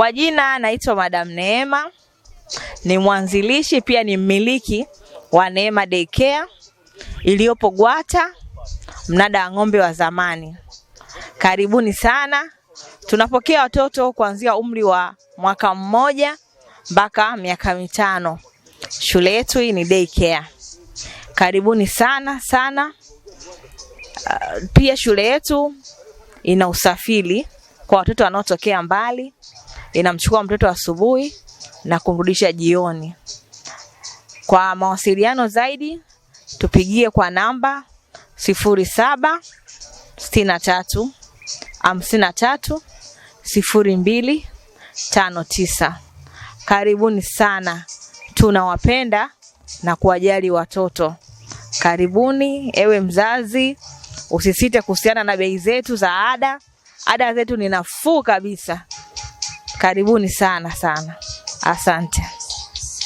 Kwa jina naitwa Madam Neema, ni mwanzilishi pia ni mmiliki wa Neema Daycare iliyopo Gwata, mnada wa ng'ombe wa zamani. Karibuni sana. Tunapokea watoto kuanzia umri wa mwaka mmoja mpaka miaka mitano. Shule yetu hii ni daycare. Karibuni sana sana. Uh, pia shule yetu ina usafiri kwa watoto wanaotokea mbali, inamchukua mtoto asubuhi na kumrudisha jioni. Kwa mawasiliano zaidi tupigie kwa namba sifuri saba sitini na tatu hamsini na tatu sifuri mbili tano tisa. Karibuni sana, tunawapenda na kuwajali watoto. Karibuni ewe mzazi, usisite kuhusiana na bei zetu za ada ada zetu ni nafuu kabisa. Karibuni sana sana, asante.